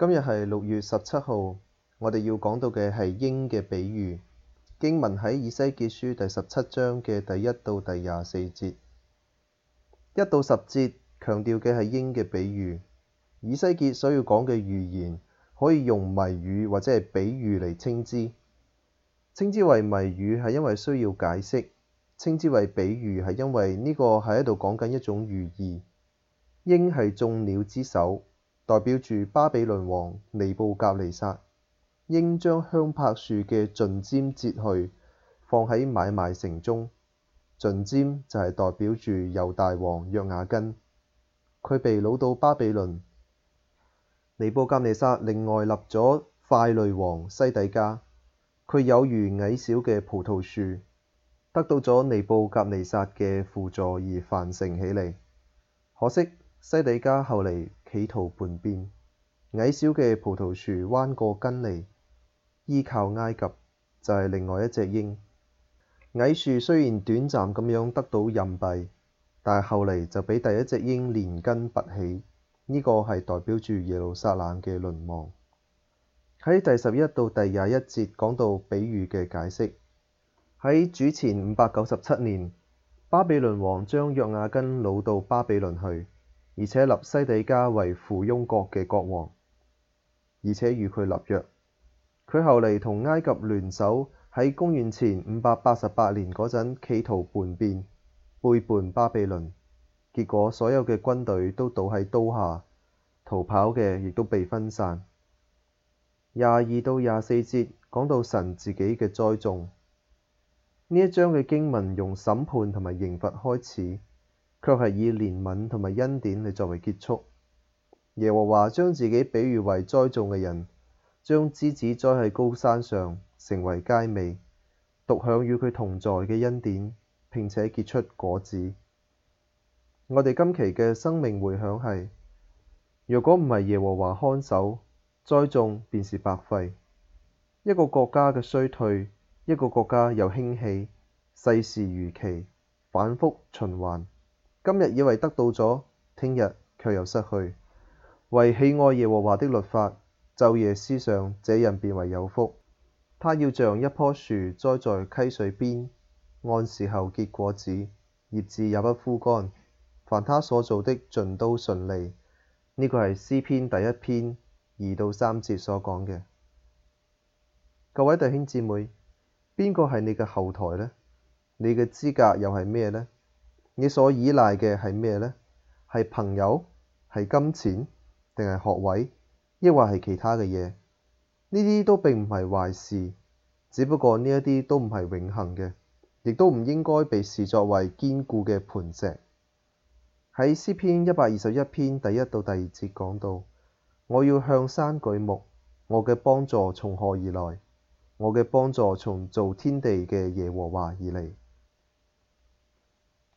今日係六月十七號，我哋要講到嘅係鷹嘅比喻。經文喺以西結書第十七章嘅第一到第廿四節，一到十節強調嘅係鷹嘅比喻。以西結所要講嘅語言可以用謎語或者係比喻嚟稱之，稱之為謎語係因為需要解釋，稱之為比喻係因為呢個係喺度講緊一種寓意。鷹係眾鳥之首。代表住巴比倫王尼布甲尼撒，應將香柏樹嘅盡尖折去，放喺買賣城中。盡尖就係代表住猶大王約雅根，佢被攞到巴比倫。尼布甲尼撒另外立咗傀儡王西底家，佢有如矮小嘅葡萄樹，得到咗尼布甲尼撒嘅輔助而繁盛起嚟。可惜西底家後嚟。企圖叛變，矮小嘅葡萄樹彎過根嚟，依靠埃及，就係、是、另外一隻鷹。矮樹雖然短暫咁樣得到蔭庇，但係後嚟就俾第一隻鷹連根拔起。呢、這個係代表住耶路撒冷嘅淪亡。喺第十一到第廿一節講到比喻嘅解釋。喺主前五百九十七年，巴比倫王將約雅斤擄到巴比倫去。而且立西底家為附庸國嘅國王，而且與佢立約。佢後嚟同埃及聯手，喺公元前五百八十八年嗰陣企圖叛變，背叛巴比倫，結果所有嘅軍隊都倒喺刀下，逃跑嘅亦都被分散。廿二到廿四節講到神自己嘅栽種，呢一章嘅經文用審判同埋刑罰開始。卻係以憐憫同埋恩典嚟作為結束。耶和華將自己比喻為栽種嘅人，將枝子栽喺高山上，成為佳美，獨享與佢同在嘅恩典，並且結出果子。我哋今期嘅生命回響係：若果唔係耶和華看守栽種，便是白費。一個國家嘅衰退，一個國家又興起，世事如棋，反覆循環。今日以為得到咗，聽日卻又失去。唯喜愛耶和華的律法，晝夜思想，這人便為有福。他要像一棵樹栽在溪水邊，按時候結果子，葉子也不枯乾。凡他所做的，盡都順利。呢個係詩篇第一篇二到三節所講嘅。各位弟兄姊妹，邊個係你嘅後台呢？你嘅資格又係咩呢？」你所依賴嘅係咩呢？係朋友、係金錢，定係學位，抑或係其他嘅嘢？呢啲都並唔係壞事，只不過呢一啲都唔係永恆嘅，亦都唔應該被視作為堅固嘅盤石。喺詩篇一百二十一篇第一到第二節講到：我要向山舉目，我嘅幫助從何而來？我嘅幫助從造天地嘅耶和華而嚟。